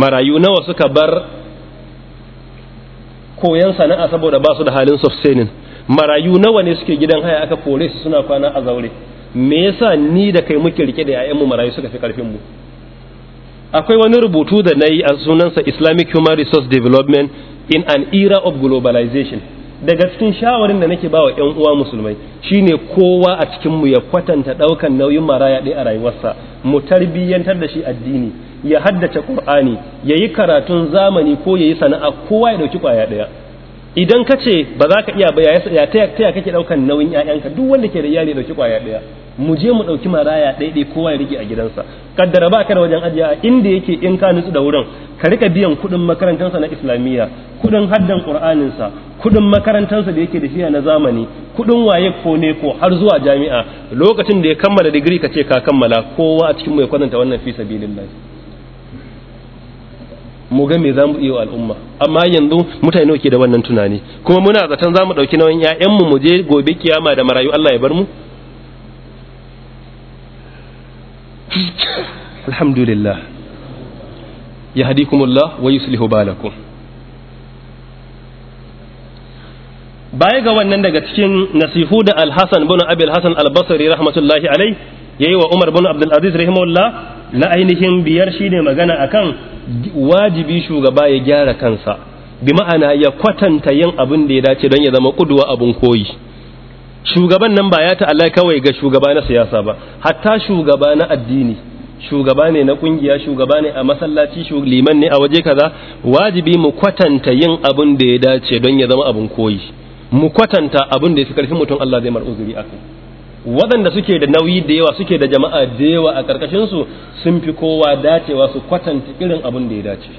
marayu nawa suka bar koyon sana'a saboda ba su da halin sustaining marayu nawa ne suke gidan haya aka kore su suna kwana a zaure me yasa ni da kai muke rike da 'ya'yanmu marayu suka fi karfin mu akwai wani rubutu da na yi a sunansa islamic human resource development in an era of globalization daga cikin shawarin da nake bawa yan uwa musulmai shine kowa a cikin mu ya kwatanta daukan nauyin maraya ɗaya a rayuwarsa mu tarbiyyantar da shi addini ya haddace qur'ani yayi karatun zamani ko yayi sana'a kowa ya dauki kwaya daya idan kace ba za ka iya ba ya taya taya kake daukan nauyin ƴaƴanka duk wanda ke da iyali dauki kwaya daya mu je mu dauki maraya dai kowa ya rike a gidansa kaddara ba ka da wajen ajiya inda yake in ka nutsu da wurin ka rika biyan kuɗin makarantarsa na islamiyya kuɗin haddan qur'aninsa kuɗin makarantarsa da yake da shiya na zamani kuɗin waye ko ne ko har zuwa jami'a lokacin da ya kammala digiri ka ce ka kammala kowa a cikin mu ya kwatanta wannan fi sabilillah mu ga me zamu iya al'umma amma yanzu mutane ke da wannan tunani kuma muna zaton zamu ɗauki nauyin ƴaƴanmu mu mu je gobe kiyama da marayu Allah ya bar mu alhamdulillah hadikumullah wa yuslihu balakum baya ga wannan daga cikin nasihu da alhassan bin abil hassan albasari rahmatullahi alai yayi wa umar bin abdul aziz rahimahullah na ainihin biyar shine magana akan wajibi shugaba ya gyara kansa bi ma'ana ya kwatanta yin abin da ya dace don ya zama kuduwa abin koyi shugaban nan ba ya ta'ala kawai ga shugaba na siyasa ba hatta shugaba na addini shugaba ne na kungiya shugaba ne a masallaci liman ne a waje kaza wajibi mu kwatanta yin abin da ya dace don ya zama abin koyi mu kwatanta abin da ya fi karfin mutum Allah zai mar'uzuri akai waɗanda suke da nauyi da yawa suke da jama'a da yawa a ƙarƙashin su sun fi kowa dacewa su kwatanta irin abin da ya dace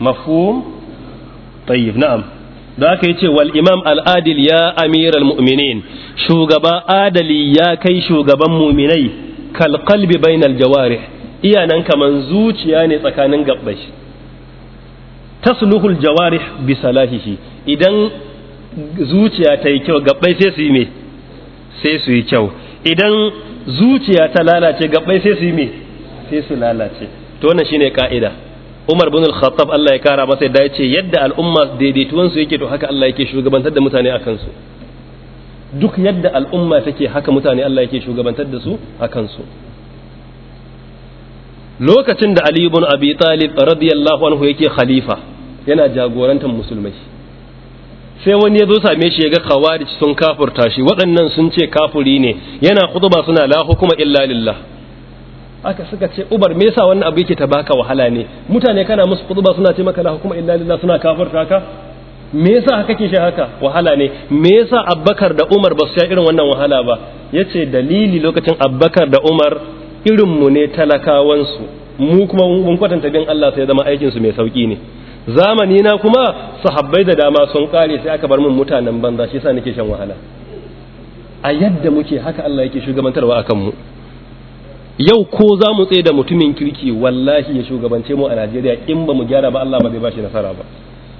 mafhum tayyib na'am da aka yi ce wal imam al'adil ya amiral mu'minin shugaba adali ya kai shugaban muminai kal qalbi bainal jawarih iyanan kaman zuciya ne tsakanin gabbai tasluhul jawarih bi salahihi idan zuciya ta yi kyau gabbai sai su yi me sai su yi kyau idan zuciya ta lalace gabai sai su yi me sai su lalace to wannan shine ka'ida Umar bin Al-Khattab Allah ya kara masa da yace yadda al'umma daidaituwan su yake to haka Allah yake shugabantar da mutane a kansu duk yadda al'umma take haka mutane Allah yake shugabantar da su a kansu lokacin da Ali ibn Abi Talib radiyallahu anhu yake khalifa yana jagorantar musulmai sai wani ya zo same shi ya ga kawarij sun kafurta shi waɗannan sun ce kafuri ne yana khutba suna la hukuma illa lillah aka suka ce ubar me yasa wannan abu yake ta baka wahala ne mutane kana musu khutba suna ce maka la hukuma illa lillah suna kafurta ka me yasa haka ke shi haka wahala ne me yasa abbakar da umar ba su sha irin wannan wahala ba yace dalili lokacin abbakar da umar irinmu ne talakawansu mu kuma mun kwatanta bin Allah sai zama aikinsu mai sauki ne zamani na kuma sahabbai da dama sun kare sai aka bar mun mutanen banza shi yasa nake shan wahala a yadda muke haka Allah yake shugabantarwa akan mu yau ko za mu tsaye da mutumin kirki wallahi ya shugabance mu a Najeriya in ba mu gyara ba Allah ba zai bashi nasara ba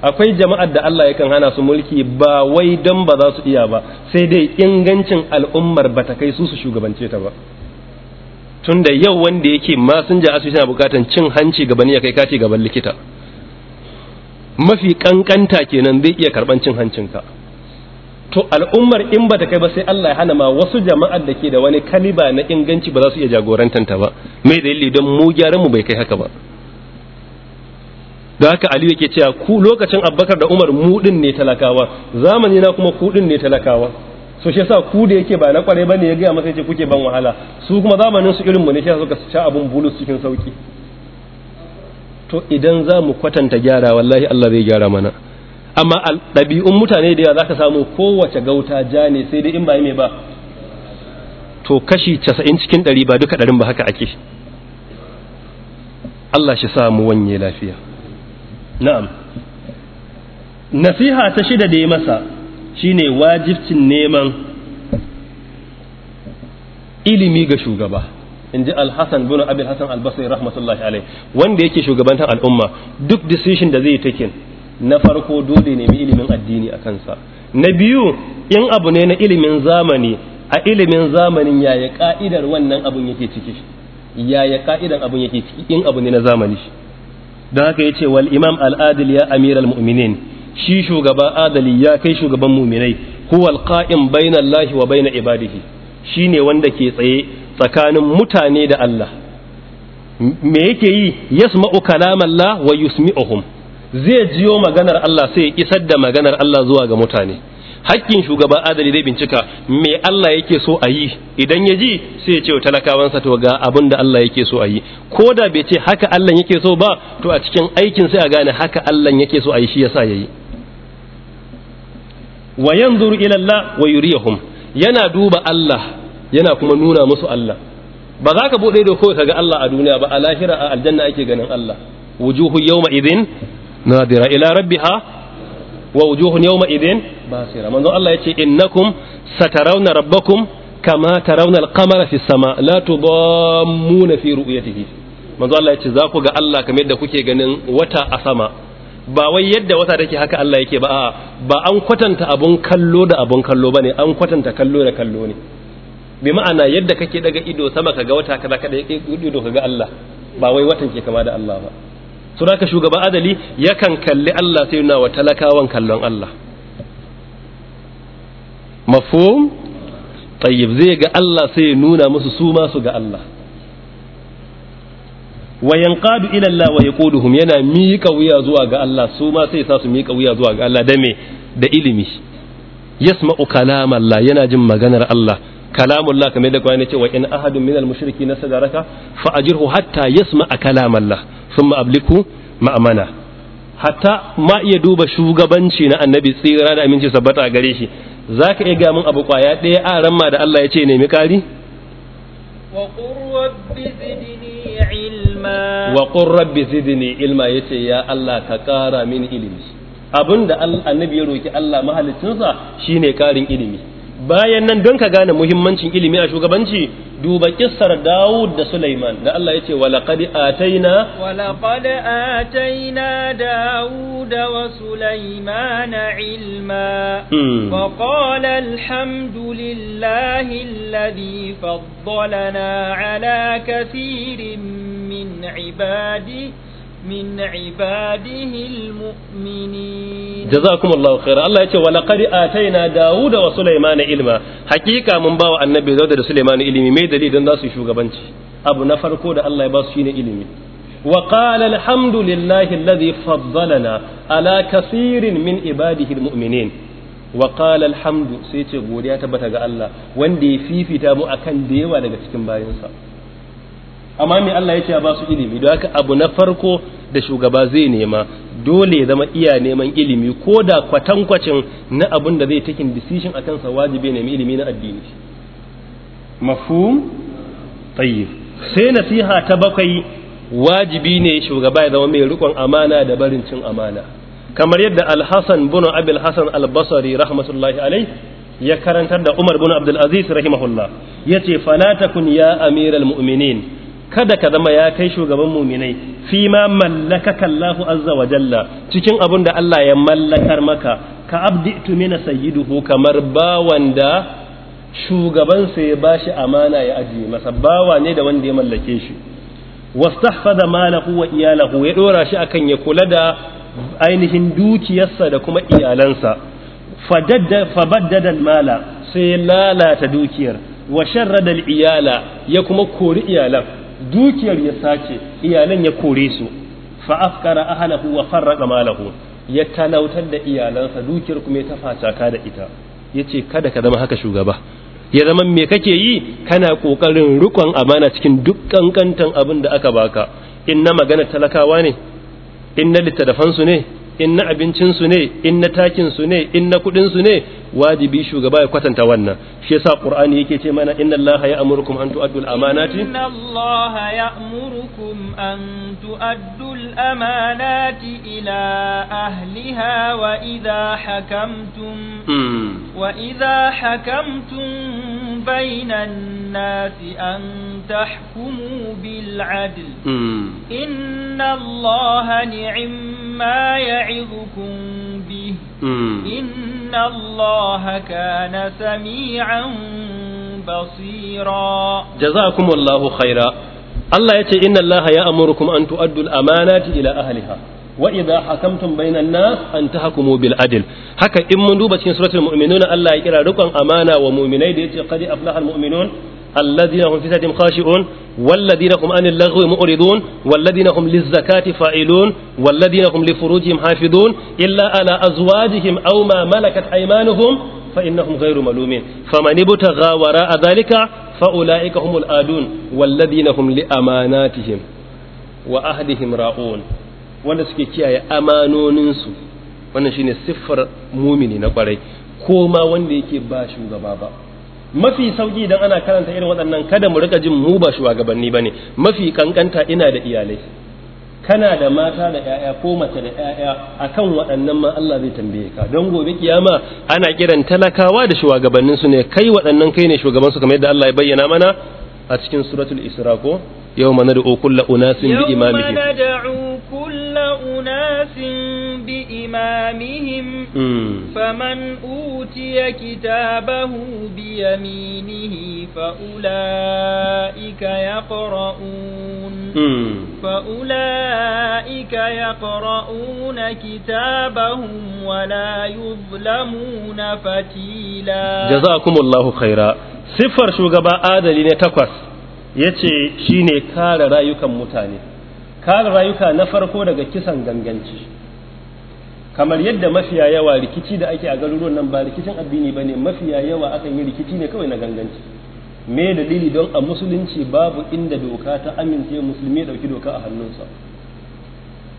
akwai jama'ar da Allah yakan hana su mulki ba wai dan ba za su iya ba sai dai ingancin al'ummar ba ta kai su su shugabance ta ba tunda yau wanda yake masinja asusun yana bukatan cin hanci gaba ne ya kai kace gaban likita mafi kankanta kenan zai iya karban cin hancin ka. to al'ummar in ba ta kai ba sai Allah ya hana ma wasu jama'ar da ke da wani kaliba na inganci ba za su iya jagorantanta ba mai dalili don mu gyaran mu bai kai haka ba da haka Ali yake cewa ku lokacin Abubakar da Umar mu din ne talakawa zamani na kuma ku din ne talakawa so shi yasa ku da yake ba na kware bane ya ga masa yace kuke ban wahala su kuma zamanin su irin mu ne shi suka sha abun bulus cikin sauki to idan za mu kwatanta gyara wallahi Allah zai gyara mana amma ɗabi'un mutane da yawa za ka samu kowace gauta ja ne sai dai in ba mai ba to kashi casa'in cikin ɗari ba duka ɗarin ba haka ake Allah shi samu wanye lafiya na'am nasiha ta shida da ya masa shine wajibcin neman ilimi ga shugaba in ji alhassan bin abil hassan albasri rahmatullahi alai wanda yake shugabantar al'umma duk decision da zai take na farko dole ne mai ilimin addini a kansa na biyu in abu ne na ilimin zamani a ilimin zamanin yaya ka'idar wannan abun yake ciki yaya ka'idan abun yake ciki in abu ne na zamani don haka yace wal imam al-adil ya amiral mu'minin shi shugaba adali ya kai shugaban muminai huwal qa'im bainallahi wa bain ibadihi shine wanda ke tsaye tsakanin mutane da Allah me yake yi yasma'u kalamallah wa yusmi'uhum zai jiyo maganar Allah sai ya isar da maganar Allah zuwa ga mutane hakkin shugaban adali zai bincika me Allah yake so a yi idan ya ji sai ya ce talakawansa to ga abin da Allah yake so a yi ko da bai ce haka Allah yake so ba to a cikin aikin sai a gane haka Allah yake so a yi shi yasa yayi wa yanzuru ila Allah wa yuriyahum yana duba Allah yana kuma nuna musu Allah ba za ka buɗe ido kawai kaga Allah a duniya ba a lahira a aljanna ake ganin Allah wujuhu yawma idin nadira ila rabbiha wa wujuhun yawma idin basira manzo Allah yace innakum satarawna rabbakum kama tarawna alqamara qamara fi sama la tudammuna fi ru'yatihi manzo Allah yace za ku ga Allah kamar yadda kuke ganin wata a sama ba wai yadda wata take haka Allah yake ba ba an kwatanta abun kallo da abun kallo bane an kwatanta kallo da kallo ne bi ma'ana yadda kake daga ido sama ka ga wata kaza kada yake ido ga Allah ba wai watan ke kama da Allah ba so haka shugaba adali yakan kalli Allah sai yana wa talakawan kallon Allah mafhum tayyib zai ga Allah sai nuna musu su ma su ga Allah wa yanqadu ila Allah wa yaquduhum yana miƙa wuya zuwa ga Allah su ma sai sa su miƙa wuya zuwa ga Allah da me da ilimi yasma'u kalam Allah yana jin maganar Allah kalamullah kamar da kwani ce wa in ahadun minal mushriki na raka fa ajirhu hatta yasma'a kalamallah thumma abliku ma'amana hatta ma iya duba shugabanci na annabi tsira da aminci sabbata a gare shi zaka iya ga mun abu kwaya ɗaya a ramma da Allah ya ce nemi kari wa qur rabbi zidni ilma wa qur rabbi zidni ilma yace ya Allah ka kara min ilimi abinda annabi ya roki Allah mahalicinsa shine karin ilimi bayan nan don ka gane muhimmancin ilimi a shugabanci duba kissar Dawud da Sulaiman da Allah yace walaqad ataina walaqad ataina Dawud wa Sulaiman ilma hmm. wa qala alhamdulillahi alladhi faddalana ala kathirin min ibadihi من عباده المؤمنين جزاكم الله خيرا الله يقول ولقد آتينا داود وسليمان علما حقيقة من باو النبي داود وسليمان علمي مي دليل الناس يشوغبانش أبو نفر كود الله يباس شين علمي وقال الحمد لله الذي فضلنا على كثير من عباده المؤمنين وقال الحمد سيتي غوديا تبتا ga Allah wanda ya fifita mu akan da yawa daga cikin bayinsa amma me Allah ya ce a ba su ilimi don haka abu na farko da shugaba zai nema dole ya zama iya neman ilimi ko da kwatankwacin na abin da zai takin decision a kansa wajibi nemi ilimi na addini mafhum tayyib sai nasiha ta bakwai wajibi ne shugaba ya zama mai rikon amana da barin cin amana kamar yadda al-Hasan bin Abil Hasan al-Basri rahmatullahi alaihi ya karantar da Umar bin Abdul Aziz rahimahullah yace fala takun ya amiral mu'minin kada ka zama ya kai shugaban muminai fi ma mallakaka Allahu azza wa jalla cikin abun da Allah ya mallakar maka ka abditu mina sayyiduhu kamar bawan da shugaban sa ya bashi amana ya ajiye masa bawa ne da wanda ya mallake shi wastahfada malahu wa iyalahu ya dora shi akan ya kula da ainihin dukiyarsa da kuma iyalansa fabaddada mala sai lalata dukiyar wa sharrada iyala ya kuma kori iyalan dukiyar ya sace iyalan ya kore su fa afkara ahlahu wa farraqa malahu ya talautar da iyalansa dukiyar kuma ya tafata ka da ita yace kada ka zama haka shugaba ya zama me kake yi kana kokarin rukon amana cikin duk kankantan abin da aka baka inna na magana talakawa ne in na littattafansu ne in na abincinsu ne in na takinsu ne in na kuɗinsu ne wajibi shugaba ya kwatanta wannan shi yasa qur'ani yake ce mana inna allaha ya'murukum an tu'addu al-amanati inna allaha ya'murukum an tu'addu al-amanati ila ahliha wa idha hakamtum hmm. wa idha hakamtum بين الناس أن تحكموا بالعدل إن الله نعم ما يعظكم به إن الله كان سميعا بصيرا جزاكم الله خيرا الله يتي إن الله يأمركم أن تؤدوا الأمانات إلى أهلها wa idza hakamtum bainan nas an tahkumu bil adl haka in mun duba cikin suratul mu'minun Allah ya kira rukun amana wa mu'minai da yace qad aflaha al mu'minun alladhina hum fi sadatin khashi'un walladhina hum anil lagwi mu'ridun walladhina hum liz zakati fa'ilun walladhina hum li furujihim hafidun illa ala azwajihim aw ma malakat aymanuhum fa innahum ghayru malumin faman ibtagha wara'a dhalika fa ulaika humul adun walladhina hum li amanatihim wa ahdihim ra'un wanda suke kiyaye amanoninsu wannan shine siffar mumini na kwarai ko ma wanda yake ba shugaba ba mafi sauki idan ana karanta irin waɗannan kada mu rika jin mu ba shugabanni bane mafi kankanta ina da iyalai kana da mata da 'ya'ya ko mace da ƴaƴa akan waɗannan ma Allah zai tambaye ka don gobe kiyama ana kiran talakawa da shugabannin su ne kai waɗannan kai ne shugaban su kamar yadda Allah ya bayyana mana a cikin suratul isra ko yawma nad'u kullu unasin bi imamihim أناس بإمامهم فمن أوتي كتابه بيمينه فأولئك يقرؤون فأولئك يقرؤون كتابهم ولا يظلمون فتيلا جزاكم الله خيرا siffar shugaba آدلين ne يتي شيني كار رأيكم متانين kare rayuka na farko daga kisan ganganci kamar yadda mafiya yawa rikici da ake a garuruwan nan ba rikicin addini ba ne mafiya yawa akan yi rikici ne kawai na ganganci me dalili don a musulunci babu inda doka ta amince musulmi ya ɗauki doka a hannunsa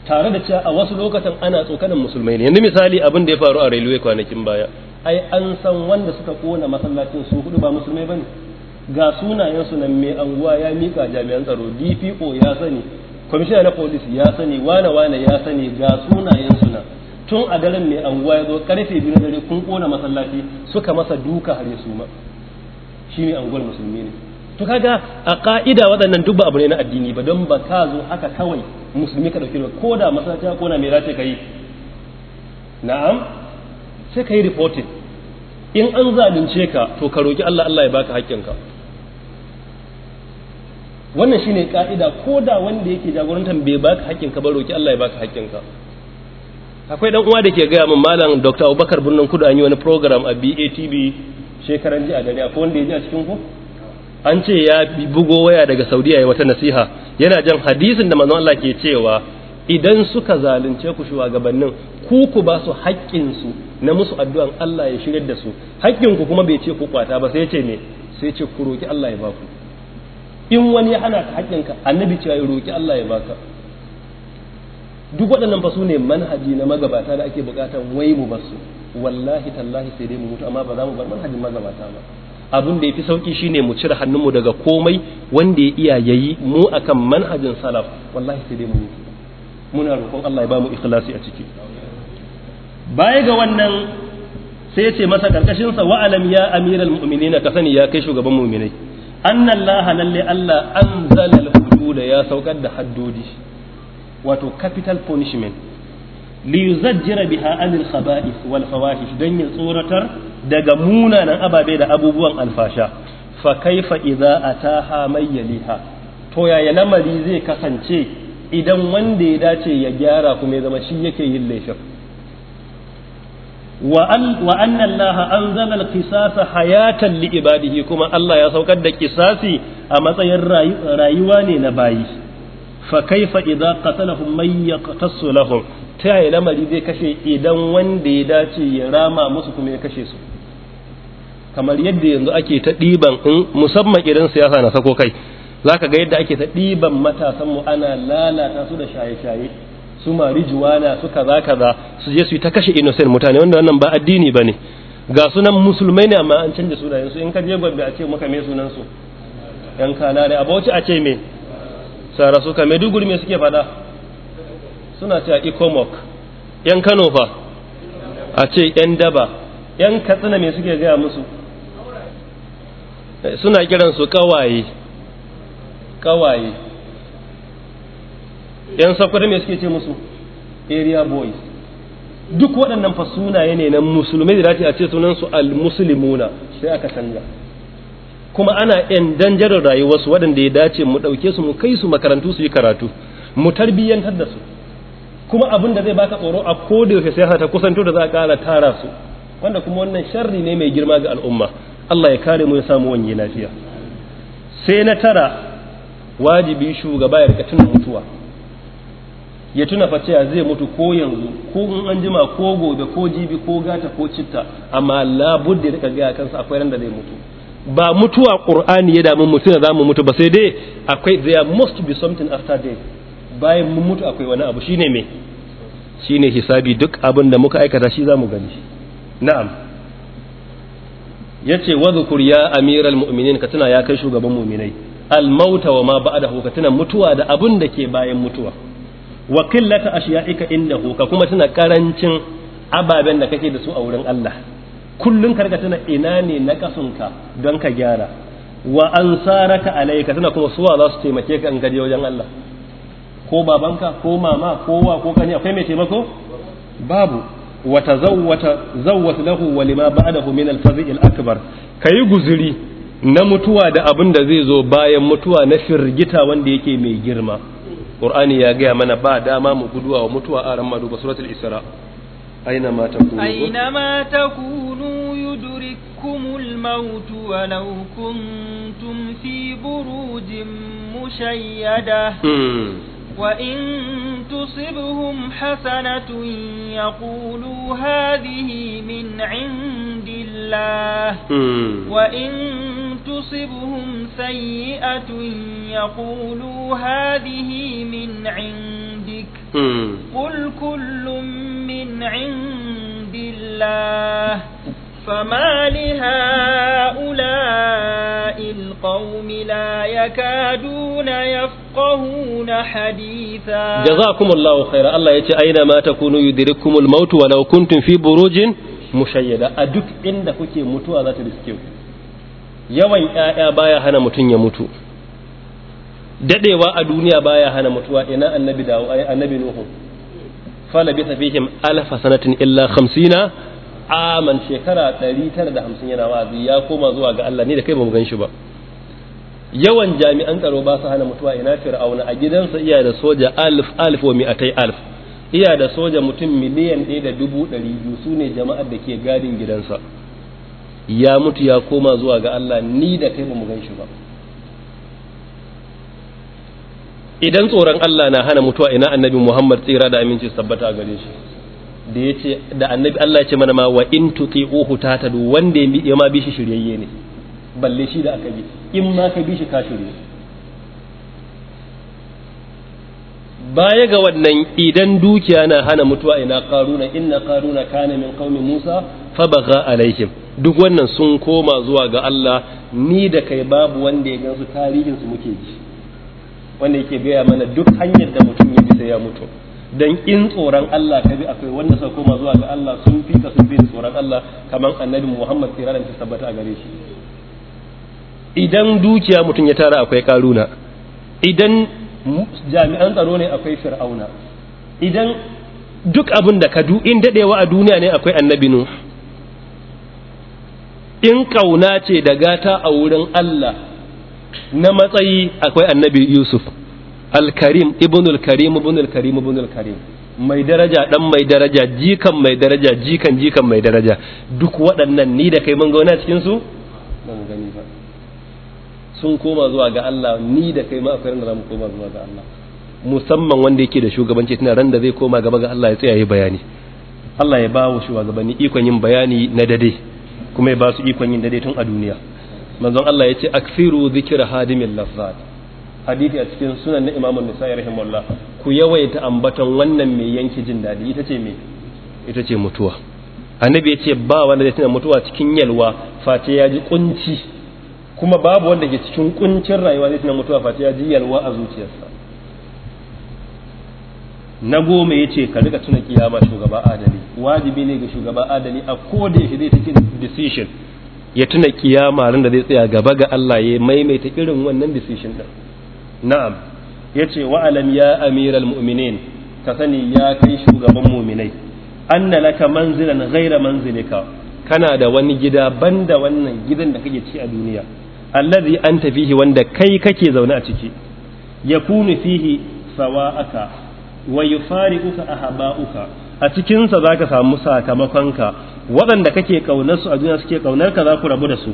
tare da cewa a wasu lokacin ana tsokanin musulmai ne yanzu misali abin da ya faru a railway kwanakin baya ai an san wanda suka kona masallacin su hudu ba musulmai bane ga sunayen su nan mai anguwa ya mika jami'an tsaro DPO ya sani kwamishina na polisi ya sani wane wane ya sani ga sunayen suna tun a daren mai anguwa ya zo karfe biyu na dare kun kona masallaci suka masa duka har ya suma shi ne anguwar musulmi ne to kaga a ka'ida waɗannan duk ba abu ne na addini ba don ba ka zo haka kawai musulmi ka ɗauki ko da masallaci ko na mera za ka yi na'am sai ka yi reporting in an zalunce ka to ka roki Allah Allah ya baka haƙƙinka wannan shine ka'ida ko da wanda yake jagorantar bai baka hakkin ka ba roki Allah ya baka hakkin ka akwai dan uwa da ke gaya min malam Dr. Abubakar Birnin Kudu an yi wani program a BATB shekaran jiya gari akwai wanda ya ji a cikin ku an ce ya bugo waya daga Saudiya ya wata nasiha yana jan hadisin da manzon Allah ke cewa idan suka zalunce ku shugabannin ku ku ba su haƙƙinsu na musu addu'an Allah ya shigar da su haƙƙinku kuma bai ce ku kwata ba sai ce ne sai ce ku roki Allah ya baku. in wani ya hana ka haƙƙinka annabi cewa ya roƙi Allah ya baka duk waɗannan ba su ne manhaji na magabata da ake bukatar wai mu su wallahi tallahi sai dai mu mutu amma ba za mu bar manhajin magabata ba abin da ya fi sauƙi shine mu cire hannunmu daga komai wanda ya iya yayi mu akan manhajin salaf wallahi sai dai mu mutu muna roƙon Allah ya ba mu ikhlasi a ciki baya ga wannan sai ya ce masa karkashin sa wa'alam ya amiral mu'minina ka sani ya kai shugaban mu'minai an allaha lalle allah anzala al-hudud ya saukar da haddodi wato capital punishment li yuzajjira biha anil khaba'ith wal fawahish dan ya tsoratar daga munanan ababe da abubuwan alfasha fa kaifa idza ataha may liha to yaya lamari zai kasance idan wanda ya dace ya gyara kuma ya zama shi yake yin laifin wa annan laha an zama kisasa hayatan li'ibadihi kuma Allah ya saukar da kisasi a matsayin rayuwa ne na bayi fa kaifa idza qatalahum man yaqtasu lahum ta yaya lamari zai kashe idan wanda ya dace ya rama musu kuma ya kashe su kamar yadda yanzu ake ta ɗiban in musamman irin siyasa na sako kai zaka ga yadda ake ta ɗiban matasanmu ana lalata su da shaye-shaye su marijuana su kaza kaza su je su yi ta kashe innocent mutane wanda wannan ba addini bane ga sunan musulmai ne amma an canja sunayen su in ka je gobe a ce maka me sunan su yan kana ne abauci a ce me sara suka maiduguri me suke fada suna cewa ikomok yan kano fa a ce yan daba yan katsina me suke gaya musu suna kiransu su kawaye kawaye yan sakwata me suke ce musu area boys duk waɗannan fa sunaye ne na musulmai da dace a ce sunansu al-muslimuna sai aka canza kuma ana yan danjarar rayuwarsu waɗanda ya dace mu ɗauke su mu kai su makarantu su yi karatu mu tarbiyyantar da su kuma abin da zai baka tsoro a koda yaushe sai ta kusanto da za a ƙara tara su wanda kuma wannan sharri ne mai girma ga al'umma Allah ya kare mu ya samu wanye lafiya sai na tara wajibi shugaba ya rika tuna mutuwa ya tuna fa cewa zai mutu ko yanzu ko in an jima ko gobe ko jibi ko gata ko citta amma budde da kaga kansa akwai randa zai mutu ba mutuwa qur'ani ya damu mutu da zamu mutu ba sai dai akwai there must be something after death bayan mun mutu akwai wani abu shine me shine hisabi duk abin da muka aikata shi zamu gani na'am yace wadhkur ya amiral mu'minin ka tuna ya kai shugaban mu'minai al mauta wa ma ba'dahu ka tuna mutuwa da abin da ke bayan mutuwa wa qillata ashiya'ika indahu ka kuma tana karancin ababen da kake da su a wurin Allah kullun karka tana ina ne na kasunka don ka gyara wa ansaraka alayka tuna kuma suwa za su taimake ka in gaje wajen Allah ko babanka ko mama ko wa ko kani akwai mai taimako babu wa tazawwata zawwat lahu wa lima ba'dahu min al-fazi' al-akbar kayi guzuri na mutuwa da abin da zai zo bayan mutuwa na firgita wanda yake mai girma qur'ani ya gaya mana ba dama mu guduwa wa mutuwa a ran maduba suratul isra aina ma takunu aina ma takunu yudrikkumul maut walau kuntum fi burujin mushayyada وإن تصبهم حسنة yaqulu هذه من عند الله وإن تصبهم سيئة يقولوا هذه من عندك قل كل من عند الله فما لهؤلاء القوم لا يكادون يفقهون حديثا جزاكم الله خيرا الله يتي أينما تكونوا يدرككم الموت ولو كنتم في بروج mushayyada a duk inda kuke mutuwa za ta riske ku yawan ‘ya'ya baya hana mutum ya mutu dadewa a duniya baya hana mutuwa ina annabi dawo annabi nuhu fala bi tafihim alf sanatin illa 50 aman shekara 950 yana wazi ya koma zuwa ga Allah ni da kai bamu gan shi ba yawan jami'an tsaro ba su hana mutuwa ina fir'auna a gidansa iya da soja alf alf wa mi'atai iya da soja mutum miliyan ɗaya da dubu ɗari biyu su ne jama'ar da ke gadin gidansa ya mutu ya koma zuwa ga Allah ni da kai ba mu gan shi ba idan tsoron Allah na hana mutuwa ina annabi Muhammad tsira da aminci tabbata gare shi da ya ce da annabi Allah ya ce mana ma wa in ta tatadu wanda ya ma bi shi shiryayye ne balle shi da aka bi in ma ka bi shi ka shirye baya ga wannan idan dukiya na hana mutuwa ina karuna inna karuna kana min qaumi Musa fa baga alaihim duk wannan sun koma zuwa ga Allah ni da kai babu wanda ya gansu tarihin su muke ji wanda yake gaya mana duk hanyar da mutum ya bi sai ya mutu dan in tsoron Allah ka bi akwai wanda suka koma zuwa ga Allah sun fi ka sun bi tsoron Allah kamar annabi Muhammad sallallahu alaihi wasallam a gare shi idan dukiya mutum ya tara akwai karuna idan jami'an tsaro ne akwai fir'auna idan duk abin da ka du in dadewa a duniya ne akwai annabi Nuh in ƙauna ce da gata a wurin Allah na matsayi akwai annabi Yusuf al-Karim ibn al-Karim ibn al-Karim ibn al-Karim mai daraja dan mai daraja jikan mai daraja jikan jikan mai daraja duk waɗannan ni da kai mun ga wani cikin su ban gani ba sun koma zuwa ga Allah ni da kai ma akwai ranar da koma zuwa ga Allah musamman wanda yake da shugabanci tana ran da zai koma gaba ga Allah ya tsaya yi bayani Allah ya ba wa shugabanni ikon yin bayani na dade kuma ya ba su ikon yin daidaitun tun a duniya manzon Allah ya ce akthiru dhikra hadimin lafzad Hadithi a cikin sunan na Imam An-Nasa'i ku yawaita ambaton wannan mai yanke jin daɗi ita ce me ita ce mutuwa annabi ya ce ba wanda zai tuna mutuwa cikin yalwa face ya ji kunci kuma babu wanda ke cikin kuncin rayuwa zai tuna mutuwa face ya ji yalwa a zuciyarsa na goma ya ce ka rika tuna kiyama shugaba adali wajibi ne ga shugaba adali a koda yaushe zai take decision ya tuna kiyama ran da zai tsaya gaba ga Allah ya maimaita irin wannan decision din na'am yace wa alam ya amiral mu'minin ka sani ya kai shugaban mu'minai anna laka manzilan ghaira Ka kana da wani gida banda wannan gidan da kake ci a duniya allazi anta fihi wanda kai kake zaune a ciki yakunu fihi sawa'aka wa fari uka a cikin sa zaka samu sakamakonka waɗanda kake kaunar su a duniya suke kaunar ka za ku rabu da su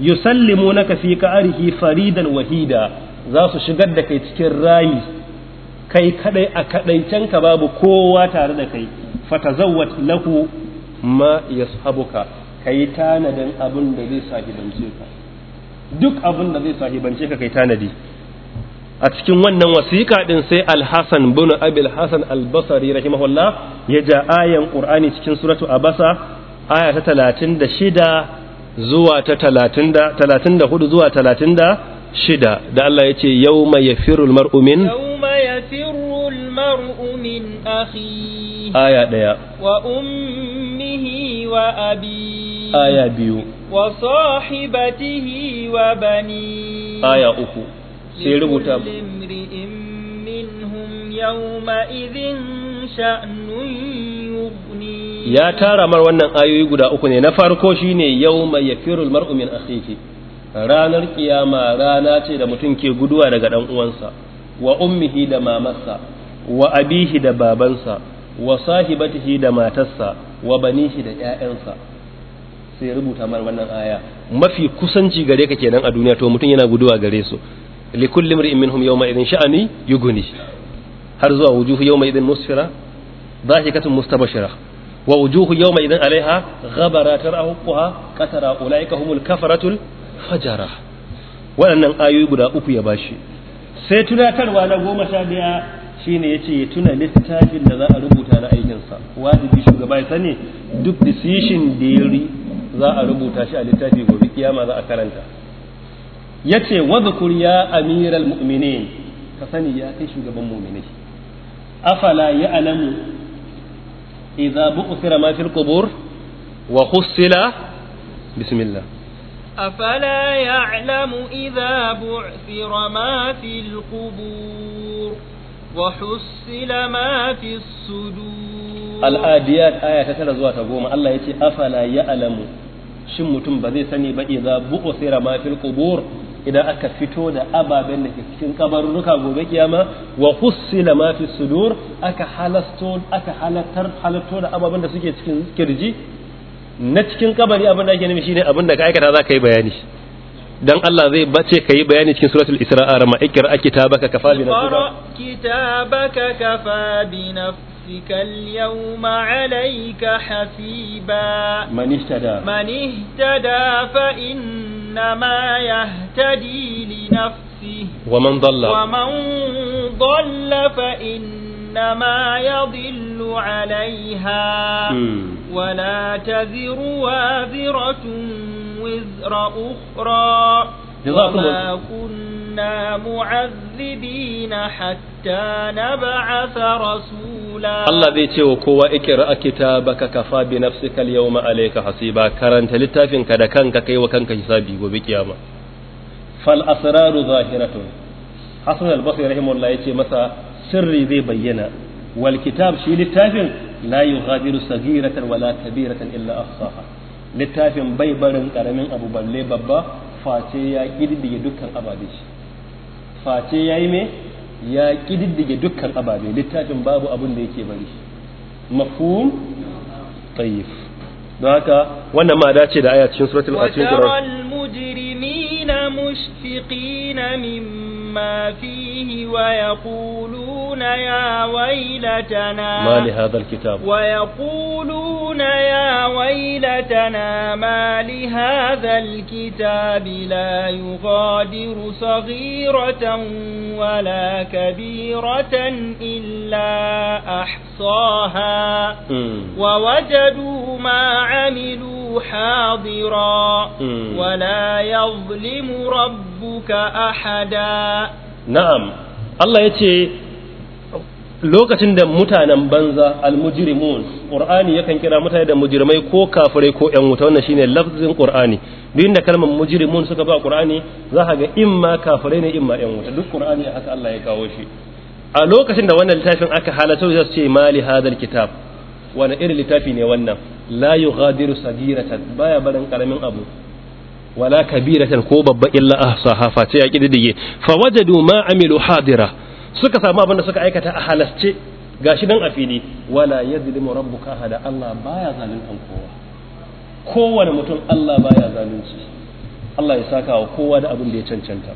yusallimunaka fi qa'rihi faridan wahida za su shigar da kai cikin rayi kai kadai a kadaicen ka babu kowa tare da kai fatazawwat lahu ma yashabuka kai tanadin abin da zai sahibance ka duk abin da zai sahibance ka kai tanadi a cikin wannan wasiƙa ɗin sai al-Hasan bin Abil Hasan al-Basri rahimahullah ya ja ayan Ƙur'ani cikin suratu Abasa aya ta shida zuwa ta da hudu zuwa talatin da Allah yace yawma yafirul mar'u min yawma yafirul mar'u min akhi aya ɗaya. wa ummihi wa abi aya biyu wa sahibatihi wa bani aya uku sai rubuta ya tara mar wannan ayoyi guda uku ne na farko shine yawma yafirul mar'u min akhihi ranar kiyama rana ce da mutum ke guduwa daga dan uwansa wa ummihi da mamarsa wa abihi da babansa wa sahibatihi da matarsa wa banihi da ƴaƴansa sai rubuta mar wannan aya mafi kusanci gare ka kenan a duniya to mutum yana guduwa gare su li kulli imri'in minhum yawma idhin sha'ani yughni har zuwa wujuhu yawma idhin musfira dhahikatun mustabashira wa wujuhu yawma idhin alaiha ghabara tar'aquha qatara ulaika humul kafaratul fajara waɗannan ayoyi guda uku ya bashi sai tunatarwa na goma sha daya shine yace ya tuna littafin da za a rubuta na aikinsa wajibi shugaba ya sani duk decision da za a rubuta shi a littafi gobe kiyama za a karanta yace wadhkur ya amiral mu'minin ka sani ya kai shugaban mu'minai afala ya'lamu idza bu'thira ma fil qubur wa khussila bismillah أفلا يعلم إذا بعثر ما في القبور وحصل ما في الصدور الآديات آية تتلى زوات قوم الله يتي أفلا يعلم شم متم بذي سني بإذا بعثر ما في القبور idan aka fito da ababen da ke cikin kabarurruka gobe kiyama wa hussila ma fi sudur aka halasto aka halatar halatto da ababen da suke cikin kirji na cikin kabari abin da ake nufi shine abin da ka aikata za ka yi bayani dan Allah zai bace ka yi bayani cikin suratul Isra'a rama ikra kitabaka kafa bi nafsika kitabaka kafa bi نفسك اليوم عليك حسيبا من اهتدى من اهتدى فإن إنما يهتدي لنفسه ومن ضل ومن ضل فإنما يضل عليها ولا تذر وازرة وزر أخرى وما كنا معذبين حتى نبعث رسولا Allah zai ce wa kowa ikira ka kafa bi nafsika al-yawma alayka hasiba karanta littafin ka da kanka kai wa kanka hisabi gobe kiyama fal asraru zahiratun Hassan al-Basri rahimahullah yace masa sirri zai bayyana wal kitab shi littafin la yughadiru saghiratan wala kabiratan illa ahsaha littafin bai barin karamin abu balle babba face ya kirdige dukkan ababe shi face yayi me ya kididdige dukkan ababe littafin babu abin da yake bari mafhum tayyib don haka wannan ma dace da aya cikin suratul al الظالمين مشفقين مما فيه ويقولون يا ويلتنا ما لهذا الكتاب ويقولون يا ويلتنا ما لهذا الكتاب لا يغادر صغيرة ولا كبيرة إلا أحصاها ووجدوا ما عملوا حاضرا ولا يظلم ربك أحدا نعم الله يتي lokacin da mutanen banza almujrimun qur'ani yakan kira mutane da mujrimai ko kafirai ko yan wuta wannan shine lafzin qur'ani duk da kalmar mujrimun suka ba qur'ani za ka ga imma kafirai ne imma yan wuta duk qur'ani haka Allah ya kawo shi a lokacin da wannan littafin aka halatta za ce mali hadal kitab wani irin littafi ne wannan la yughadiru sagiratan baya barin karamin abu wala kabiratan ko babba illa ahsaha fa ce ya kididige fa wajadu ma amilu hadira suka samu abin da suka aikata a halasce gashi dan a fili wala yadlimu rabbuka hada Allah baya zaluntan kowa kowane mutum Allah baya zalunci Allah ya saka wa kowa da abin da ya cancanta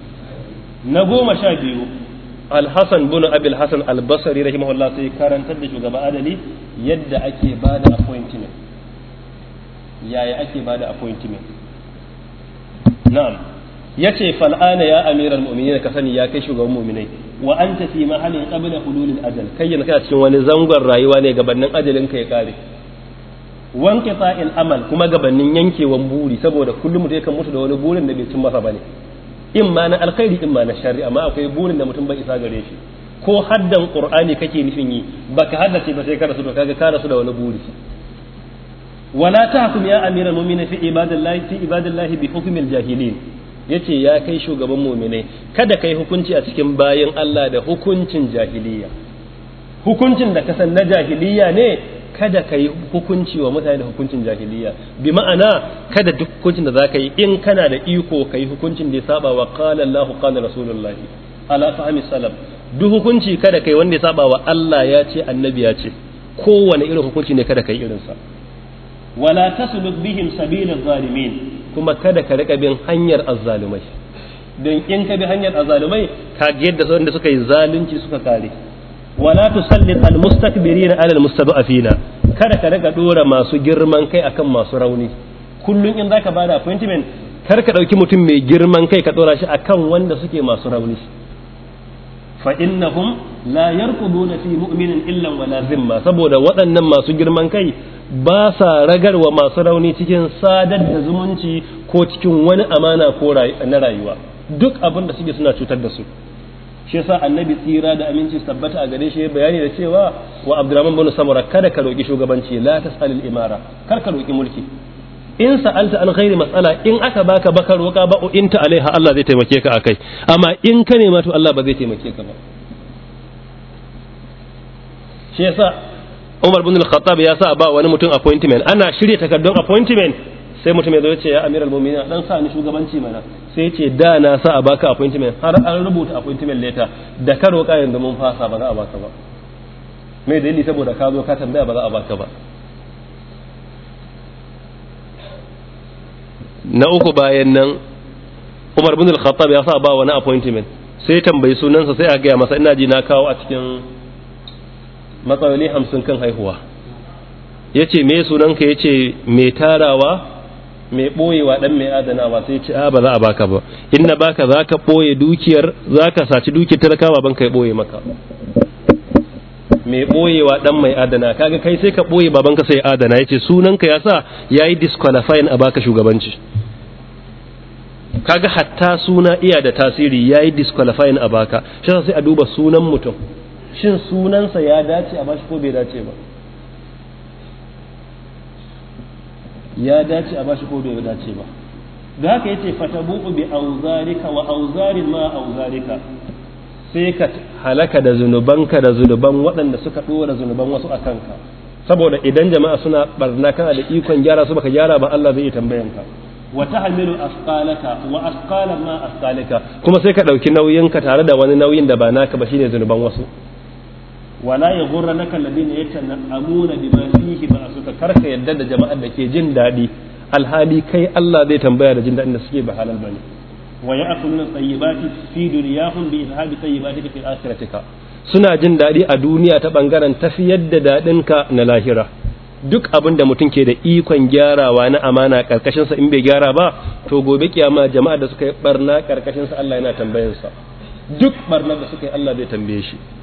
na goma sha biyu alhassan bin abil hassan albasari rahimahullah sai karantar da shugaba adali yadda ake bada appointment yaya ake bada appointment na'am yace fal ana ya amiral mu'minin ka sani ya kai shugaban mu'minai wa anta fi mahallin qabla hululil ajal kai yana kana cikin wani zangon rayuwa ne gabanin ajalin ka ya kare wanke fa'il amal kuma gabanin yankewan buri saboda kullum mutum yakan mutu da wani burin da bai cin masa bane in ma na alkhairi in ma na sharri amma akwai burin da mutum bai isa gare shi ko haddan qur'ani kake nufin yi baka haddace ba sai ka rasu to kaga ka rasu da wani buri wala يا ya المؤمنين في عباد الله في عباد الله بحكم الجاهلين yace ya kai shugaban mu'minai kada kai hukunci a cikin bayin Allah da hukuncin jahiliya hukuncin da kasan na jahiliya ne kada ka yi hukunci wa mutane da hukuncin jahiliya bi ma'ana kada duk hukuncin da za yi in kana da iko kai yi hukuncin da ya saba wa qala Allah qala Rasulullah ala fahmi salaf duk hukunci kada kai wanda ya saba wa Allah ya ce annabi ya ce kowane irin hukunci ne kada kai irinsa wala tasluk bihim sabilal zalimin kuma kada ka rika bin hanyar azzalumai don in ka bi hanyar azzalumai ka yadda sauran da suka yi zalunci suka kare wala tusallit almustakbirina ala almustad'afina kada ka rika dora masu girman kai akan masu rauni kullun in zaka bada appointment kar ka dauki mutum mai girman kai ka dora shi akan wanda suke masu rauni fa innahum la yarquduna fi mu'minin illa wala zimma saboda waɗannan masu girman kai ba sa ragarwa masu rauni cikin sadar da zumunci ko cikin wani amana ko na rayuwa duk abin da suke suna cutar da su shi yasa annabi tsira da aminci tabbata a gare shi bayani da cewa wa abdurrahman bin samura kada ka roki shugabanci la tasalil imara kar ka roki mulki in sa'alta an ghairi mas'ala in aka baka bakar roka ba in ta alaiha Allah zai taimake ka akai amma in ka nema to Allah ba zai taimake ka ba shi yasa Umar bin Al-Khattab ya sa ba wani mutum appointment ana shirya takardun appointment sai mutum ya zo ce ya Amir al-Mu'minin dan sa ni shugabanci mana sai ce da na sa a baka appointment har an rubuta appointment letter da ka roƙa yanzu mun fasa ba za a baka ba me dalili saboda ka zo ka tambaya ba za a baka ba na uku bayan nan Umar bin Al-Khattab ya sa ba wani appointment sai tambayi sunansa sai a gaya masa ina ji na kawo a cikin matsaloli hamsin kan haihuwa ya ce me sunanka ya ce mai tarawa mai ɓoyewa ɗan mai adanawa sai ce a ah, ba za a baka ba in na baka za ka ɓoye dukiyar za ka saci dukiyar talakawa ban ka ɓoye maka mai ɓoyewa ɗan mai adana kaga kai sai ka ɓoye ka sai adana ya ce sunanka ya sa ya yi disqualifying a baka shugabanci kaga hatta suna iya da tasiri ya yi disqualifying a baka shi sai a duba sunan mutum shin sunansa ya dace a bashi ko bai dace ba ya dace a bashi ko bai dace ba da haka yace fatabu'u bi auzarika wa auzarin ma auzarika sai ka halaka da zunubanka da zunuban waɗanda suka ɗora zunuban wasu a kanka saboda idan jama'a suna barna kana da ikon gyara su baka gyara ba Allah zai yi tambayanka wa tahmilu asqalaka wa asqala ma asqalika kuma sai ka ɗauki nauyinka tare da wani nauyin da ba naka ba shine zunuban wasu wala ya gurra naka amuna yatanamuna ma fihi ba suka karka yadda da jama'ar da ke jin daɗi alhali kai Allah zai tambaya da jin daɗin da suke ba halal bane wa ya'kuluna tayyibati fi dunyahum bi ilhabi tayyibatika fi akhiratika suna jin daɗi a duniya ta bangaren tafiyar da daɗinka na lahira duk abin da mutum ke da ikon gyarawa na amana karkashin sa in bai gyara ba to gobe kiyama jama'a da suka yi barna karkashin sa Allah yana tambayar sa duk barnar da suka yi Allah zai tambaye shi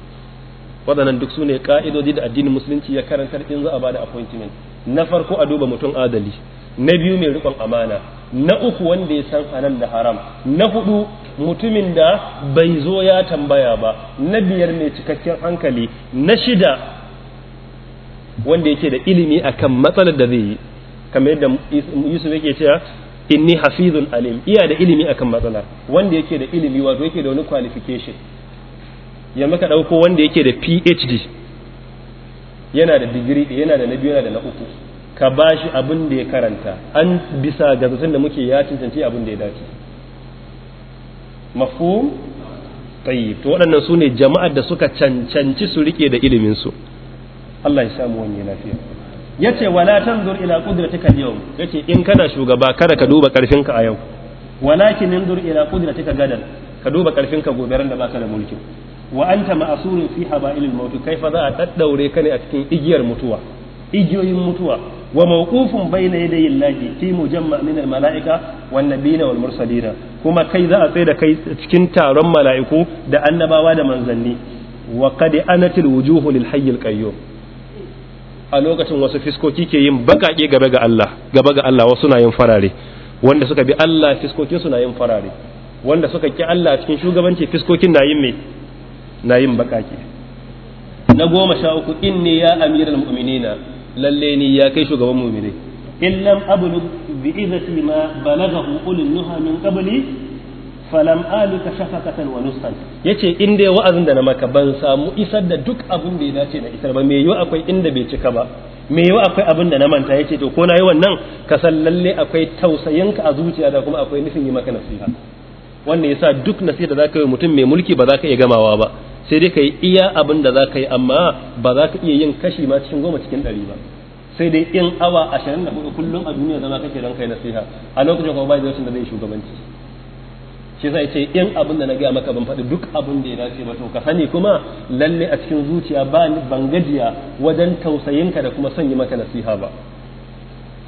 waɗannan duk su ne ƙa'idodi da addinin musulunci ya karantar in za a bada appointment na farko a duba mutum adali na biyu mai riƙon amana na uku wanda ya san halal da haram na hudu mutumin da bai zo ya tambaya ba na biyar mai cikakken hankali na shida wanda yake da ilimi akan matsalar da zai yi kamar yadda yusuf yake cewa inni hafizun alim iya da ilimi akan matsala wanda yake da ilimi wato yake da wani qualification yanzu ka ɗauko wanda yake da phd yana da digiri yana da na biyu yana da na uku ka ba shi abin da ya karanta an bisa ga zaton da muke ya cancanci abin da ya dace mafhum tayyib to waɗannan su ne jama'ar da suka cancanci su rike da ilimin su Allah ya samu wani lafiya yace wala tanzur ila qudratika yau yace in kana shugaba kada ka duba karfinka a yau walakin yanzur ila qudratika gadan ka duba karfinka gobe ran da baka da mulki wa anta ma'asurin fi haba'ilil maut kai fa za a daddaure ka ne a cikin igiyar mutuwa igiyoyin mutuwa wa mawqufun bayna yadayi llahi fi mujamma' min al mala'ika wan nabiyina wal mursalina kuma kai za a sai da kai cikin taron mala'iku da annabawa da manzanni wa qad anatil wujuhu lil hayyil qayyum a lokacin wasu fiskoki ke yin baƙaƙe gaba ga Allah gaba ga Allah wasu na yin farare wanda suka bi Allah fiskokin su na yin farare wanda suka ki Allah cikin shugabanci fiskokin na yin mai. na yin bakake na goma sha uku inni ya amiral mu'minina lalle ni ya kai shugaban mu'minai in lam ablug bi izati ma balaghahu ulul nuha min qabli falam alika shafaqatan wa nusan yace in dai wa'azin da na maka ban samu isar da duk abin da ya dace da isar ba me yiwa akwai inda bai cika ba me yiwa akwai abin da na manta yace to ko nayi wannan ka san lalle akwai tausayinka a zuciya da kuma akwai nufin yi maka nasiha wannan yasa duk nasiha da zaka yi mutum mai mulki ba za ka iya gamawa ba sai dai ka yi iya abin da za ka yi amma ba za ka iya yin kashi ma cikin goma cikin ɗari ba sai dai in awa ashirin da hudu kullum a duniya zama kake don kai nasiha a lokacin kuma bai zai da zai shugabanci shi sai ce in abin da na gaya maka ban faɗi duk abin da ya dace ba to ka sani kuma lalle a cikin zuciya ba ban gajiya wajen tausayinka da kuma son yi maka nasiha ba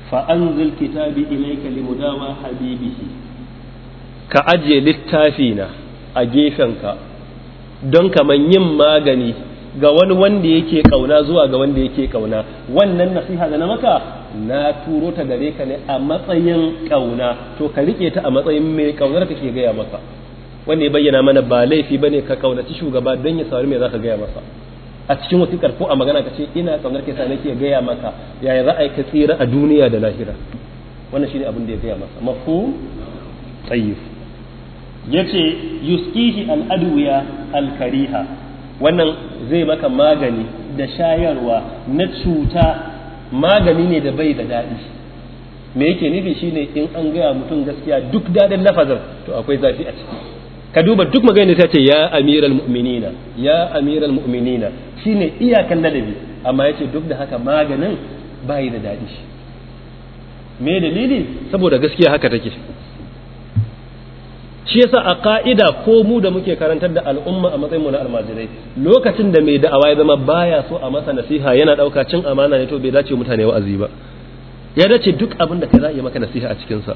fa anzil kitabi ilayka limudawa habibihi ka ajiye littafina a gefenka don kamar yin magani ga wani wanda yake kauna zuwa ga wanda yake kauna wannan nasiha da na maka na turo ta gare ka ne a matsayin kauna to ka rike ta a matsayin mai kaunar ka ke gaya maka wanda ya bayyana mana ba laifi ba ne ka kaunaci shugaba don ya sauri me zaka gaya masa a cikin wasu ko a magana ka ce ina kaunar ka nake gaya maka yaya za a yi ka tsira a duniya da lahira wannan shine abin da ya gaya masa mafhum tayyib yace yuskihi al-adwiya al-kariha wannan zai maka magani da shayarwa na cuta magani ne da bai da daɗi me yake nufi shine in an gaya mutum gaskiya duk daɗin lafazar to akwai zafi a ciki ka duba duk magana ta ce ya amiral mu'minina ya amiral mu'minina shine iyakan ladabi amma yace duk da haka maganin bai da daɗi me dalili saboda gaskiya haka take shi yasa a ka'ida ko mu da muke karantar da al'umma a matsayin mu na almajirai lokacin da mai da'awa ya zama baya so a masa nasiha yana dauka cin amana ne to bai dace mutane wa'azi ba ya dace duk abin da kai za a yi maka nasiha a cikin sa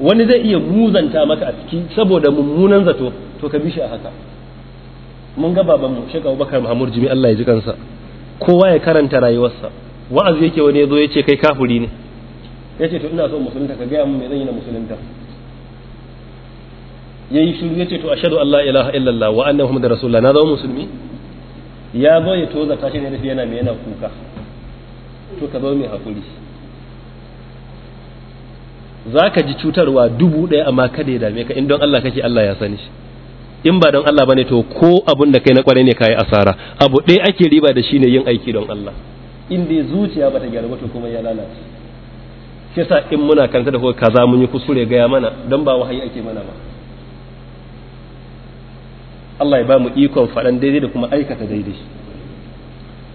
wani zai iya muzanta maka a ciki saboda mummunan zato to ka bi a haka mun ga baban mu Sheikh Abubakar Muhammad Jimi Allah ya ji kansa kowa ya karanta rayuwarsa wa'azi yake wani ya zo ya ce kai kafuri ne yace to ina so musulunta ka ga mu me zan yi na musulunta yayi shiru yace to ashhadu an la ilaha illallah wa annahu muhammadar rasulullah na zama musulmi ya zo ya toza tashi ne da yana mai yana kuka to ka zo mai hakuri za ka ji cutarwa dubu ɗaya amma kada ya dame ka in don Allah kake Allah ya sani shi in ba don Allah bane to ko abun da kai na kwarai ne kai asara abu ɗaya ake riba da shi ne yin aiki don Allah in dai zuciya bata gyara ba to kuma ya lalace shi sa in muna kanta da kuka kaza mun yi kusure gaya mana don ba wahayi ake mana ba Allah ya ba mu ikon faɗan daidai da kuma aikata daidai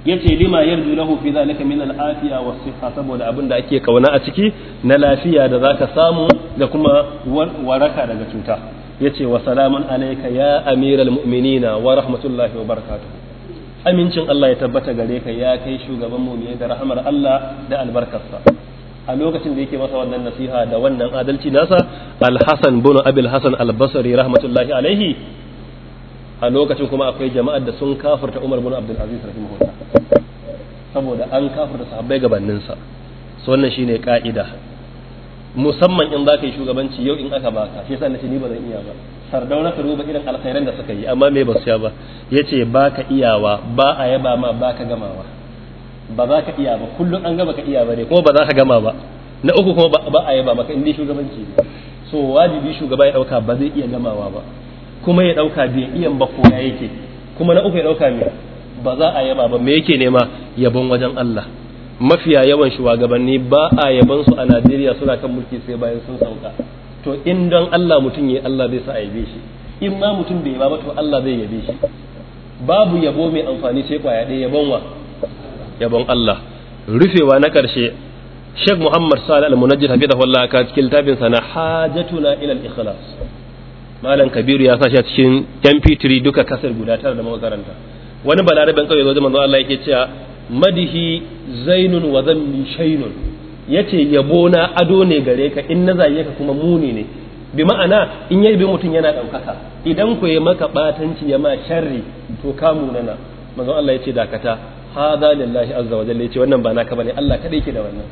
yace lima yarju lahu fi zalika min al-afiya siha saboda abin da ake kauna a ciki na lafiya da zaka samu da kuma waraka daga cuta yace wa salamun alayka ya amiral mu'minina wa rahmatullahi wa barakatuh amincin Allah ya tabbata gare ka ya kai shugaban mu'mini da rahmar Allah da albarkarsa a lokacin da yake masa wannan nasiha da wannan adalci nasa al-Hasan bin Hassan, Hasan al-Basri rahmatullahi alaihi a lokacin kuma akwai jama'ar da sun kafirta Umar bin Abdul Aziz rahimahullah saboda an kafirta sahabbai gabanin sa so wannan shine ka'ida musamman in zaka yi shugabanci yau in aka baka shi yasa nace ni ba zan iya ba sardauna ka ruba irin alkhairan da suka yi amma me ba su ya ba yace baka iyawa ba a yaba ma baka gamawa ba za ka iya ba kullum an gaba ka iya ba ne kuma ba za ka gama ba na uku kuma ba a yaba maka in dai shugabanci ne so wajibi shugaba ya dauka ba zai iya gamawa ba kuma ya ɗauka bai iyan ba koya yake kuma na uku ya ɗauka mai ba za a yaba ba me yake nema yabon wajen Allah mafiya yawan shugabanni ba a yaban su a Najeriya suna kan mulki sai bayan sun sauka to in don Allah mutum yayi Allah zai sa a yabe shi in ma mutum bai yaba ba to Allah zai yabe shi babu yabo mai amfani sai kwaya ɗaya yabon wa yabon Allah rufewa na ƙarshe Sheikh Muhammad Salih Al-Munajjid hafizahullah ka cikin litabin sa na hajatuna ila al-ikhlas malam kabiru ya sa shi a cikin mp duka kasar guda tara da makaranta wani balarabin kawai zo manzo Allah yake cewa madihi zainun wa zammi shainun yace yabo na ado ne gare ka in na zaye ka kuma muni ne bi ma'ana in ya bi mutum yana ɗaukaka idan ku yi maka ɓatanci ya ma sharri to ka munana manzo Allah yace dakata hadha lillahi azza wa jalla yace wannan ba naka bane Allah kaɗai yake da wannan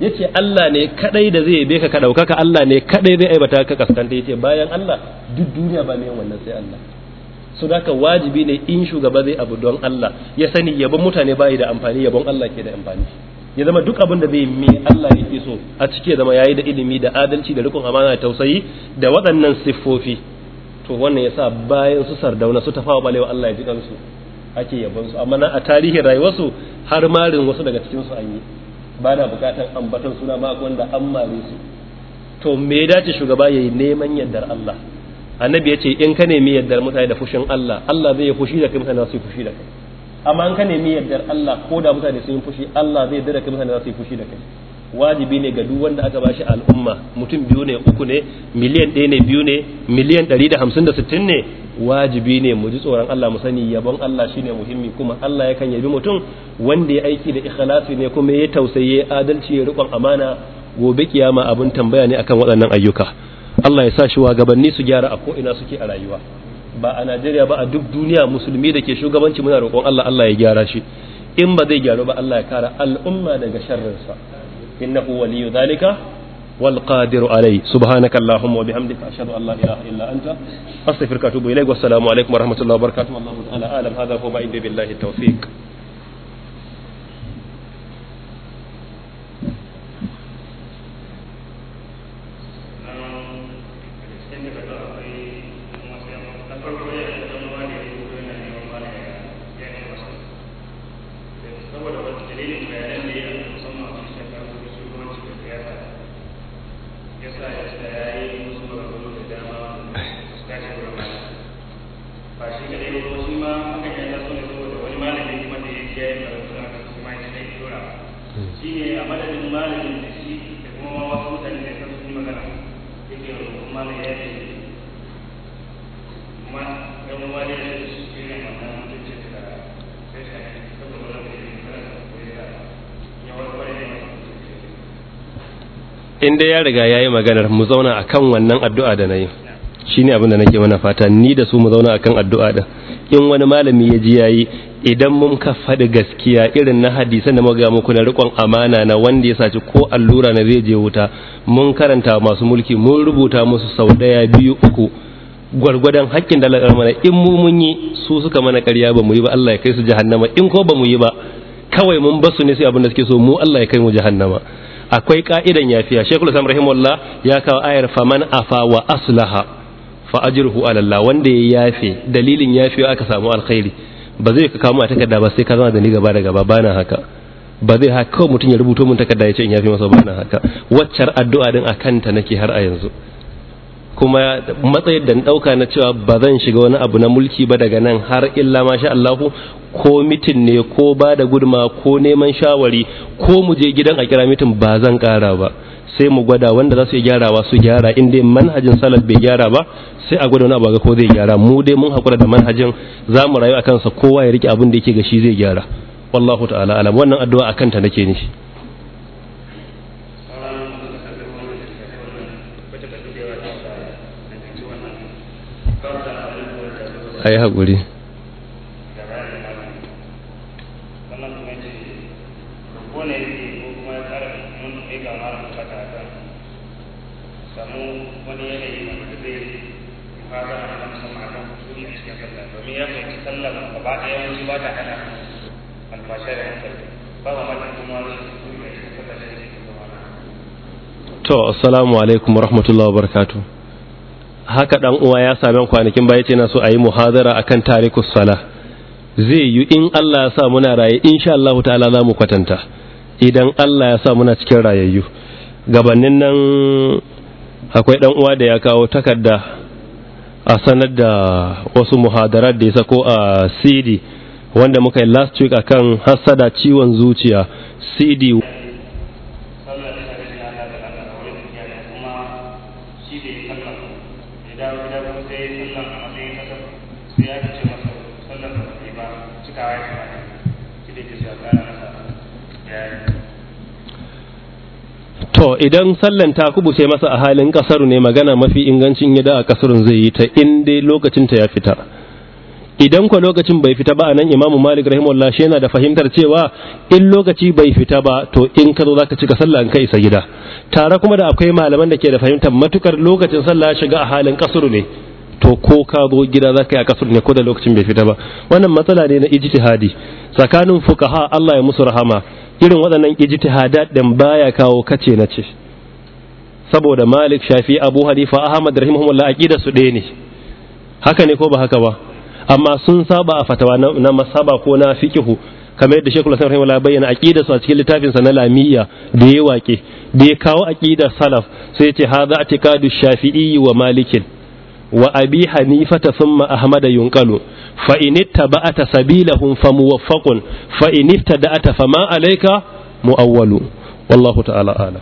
yace Allah ne kadai da zai yabe ka ka daukaka Allah ne kadai zai aibata ka kaskanta yace bayan Allah duk duniya ba mai wannan sai Allah so haka wajibi ne in shugaba zai abu don Allah ya sani yabon mutane ba da amfani yabon Allah ke da amfani ya zama duk abin da zai mi Allah ya so a cike zama yayi da ilimi da adalci da rikon amana da tausayi da waɗannan siffofi to wannan yasa bayan su sardauna su tafawa balewa Allah ya ji kansu ake yabon su amma na a tarihin rayuwarsu har marin wasu daga cikin su an yi ba na bukatan ambaton suna ma wanda an mare su to me ya dace shugaba ya yi neman yardar Allah annabi ya ce in ka nemi yardar mutane da fushin Allah Allah zai yi fushi da kai mutane su yi fushi da kai amma in ka nemi yardar Allah ko da mutane sun yi fushi Allah zai dare kai mutane su yi fushi da kai wajibi ne ga duk wanda aka bashi al'umma mutum biyu ne uku ne miliyan ɗaya ne biyu ne miliyan ɗari da hamsin da sittin ne wajibi ne mu ji tsoron Allah mu sani yabon Allah shine muhimmi kuma Allah yakan yabi mutum wanda ya aiki da ikhlasi ne kuma ya tausaye adalci ya riƙon amana gobe kiyama abin tambaya ne akan waɗannan ayyuka Allah ya sa shi gabanni su gyara a ko ina suke a rayuwa ba a Najeriya ba a duk duniya musulmi da ke shugabanci muna roƙon Allah Allah ya gyara shi in ba zai gyaru ba Allah ya kara al'umma daga sharrinsa إنه ولي ذلك والقادر عليه سبحانك اللهم وبحمدك أشهد أن لا إله إلا أنت أستغفرك وأتوب إليك والسلام عليكم ورحمة الله وبركاته والله تعالى أعلم هذا هو ما عندي بالله التوفيق in dai ya riga ya yi maganar mu zauna akan wannan addu'a da na yi abin da nake mana fata ni da su mu zauna akan addu'a da in wani malami ya ji yayi idan mun ka faɗi gaskiya irin na hadisan da muka muku na riƙon amana na wanda ya saci ko allura na zai je wuta mun karanta masu mulki mun rubuta musu sau ɗaya biyu uku gwargwadon hakkin da lakar mana in mu mun yi su suka mana ƙarya ba mu yi ba Allah ya kai su jahannama in ko ba mu yi ba kawai mun basu ne sai abin da suke so mu Allah ya kai mu jahannama akwai ka'idan yafiya shekul sam rahimullah ya kawo ayar faman afa wa aslaha fa ajruhu ala wanda ya yafe dalilin yafiya aka samu alkhairi ba zai ka kawo a takarda ba sai ka zama da ni gaba da gaba bana haka ba zai haka mutum ya rubuto mun takarda ya ce in yafi masa bana haka waccar addu'a din akan ta nake har a yanzu kuma matsayin da ɗauka na cewa ba zan shiga wani abu na mulki ba daga nan har illa masha Allahu ko mitin ne ko ba da gudma ko neman shawari ko mu je gidan a kira mitin ba zan ƙara ba sai mu gwada wanda za su yi gyarawa su gyara in dai manhajin salaf bai gyara ba sai a gwada wani abu ga ko zai gyara mu dai mun hakura da manhajin za mu rayu a kansa kowa ya rike abin da yake ga shi zai gyara wallahu ta'ala alam wannan addu'a akan ta nake nishi a yi haƙuri to assalamu alaikum wa rahmatullahi wa barakatuh haka dan uwa ya sami kwanakin baya ce na so a yi muhadara akan tarikus sala zai yi in Allah ya sa muna raye insha Allah ta'ala za mu kwatanta idan Allah ya sa muna cikin rayayyu gabanin nan akwai dan uwa da ya kawo takarda a sanar da wasu muhadarar da ya sako a CD wanda muka yi last week akan hassada ciwon zuciya CD to idan sallan ta sai masa a halin kasaru ne magana mafi ingancin yada a kasarun zai yi ta in dai lokacin ya fita idan kwa lokacin bai fita ba a nan imamu malik rahimahullah shi yana da fahimtar cewa in lokaci bai fita ba to in ka zo ka cika sallah in ka isa gida tare kuma da akwai malaman da ke da fahimtar matukar lokacin sallah shiga a halin kasuru ne to ko ka zo gida zaka yi a kasuru ne ko da lokacin bai fita ba wannan matsala ne na ijtihadi tsakanin fukaha Allah ya musu rahama irin waɗannan ijtihadat din baya kawo kace na ce saboda Malik Shafi Abu Hanifa Ahmad rahimahumullah aqida su ɗaya ne haka ne ko ba haka ba amma sun saba a fatawa na masaba ko na fiqhu kamar yadda Sheikhul Hasan rahimahullah bayyana aqida su a cikin littafin sa na Lamiyya da ya wake da kawo aqida salaf sai ya ce hadha atiqadu Shafi'i wa Malikin wa abi hanifata thumma ahmada yunqalu fa in ittaba'ata sabilahum famuwaffaqun fa in iftada'ata fama alayka muawwalu wallahu ta'ala ala.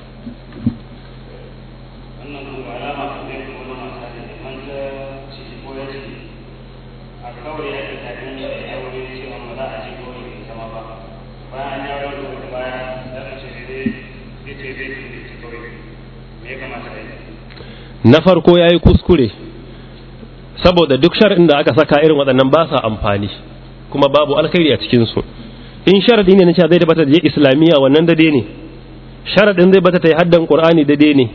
na farko ya yi kuskure saboda duk shar'in da aka saka irin waɗannan ba sa amfani kuma babu alkhairi a cikin su in sharadi ne na cewa zai da je islamiyya wannan dai ne sharadin zai bata ta yi haddan qur'ani dai ne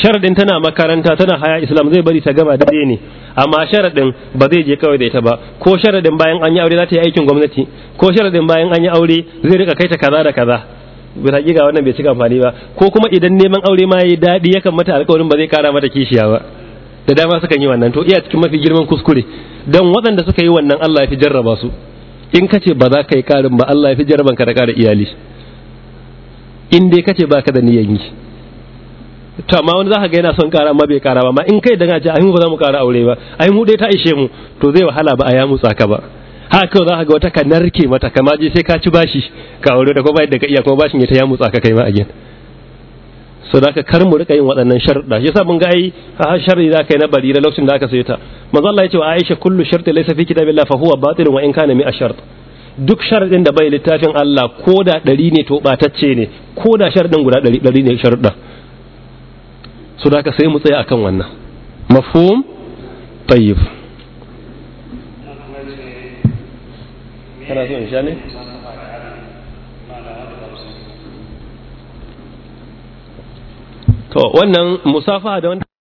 sharadin tana makaranta tana haya islam zai bari ta gama dai ne amma sharadin ba zai je kawai da ita ba ko sharadin bayan an yi aure za ta yi aikin gwamnati ko sharadin bayan an yi aure zai rika kai ta kaza da kaza bisa ga wannan bai cika amfani ba ko kuma idan neman aure ma ya yi dadi yakan mata alƙawarin ba zai kara mata kishiya ba da dama suka yi wannan to iya cikin mafi girman kuskure dan waɗanda suka yi wannan Allah ya fi jarraba su in kace ba za ka yi ƙarin ba Allah ya fi jarraban ka da ƙara iyali in dai kace ba ka da niyan yi to amma wani za ka ga yana son ƙara amma bai ƙara ba amma in kai da ce ai mu ba za mu ƙara aure ba ai mu dai ta ishe mu to zai wahala ba a ya mutsa ka ba haka za ka ga wata ka narke mata kama je sai ka ci bashi ka aure da ko bai da ka iya kuma bashin ya ta ya mutsa ka kai ma a gida so da ka kar mu rika yin waɗannan sharɗa shi yasa mun ga ai har sharri da kai na da lokacin da aka sai ta manzo Allah ya ce wa Aisha kullu sharti laysa fi kitabillahi fa huwa batil wa in kana mi ashart duk sharɗin da bai littafin Allah ko da ɗari ne to ɓatacce ne ko da sharɗin guda ɗari ɗari ne sharɗa so da ka sai mu tsaya akan wannan mafhum tayyib kana so in sha ne to wannan musafa da wannan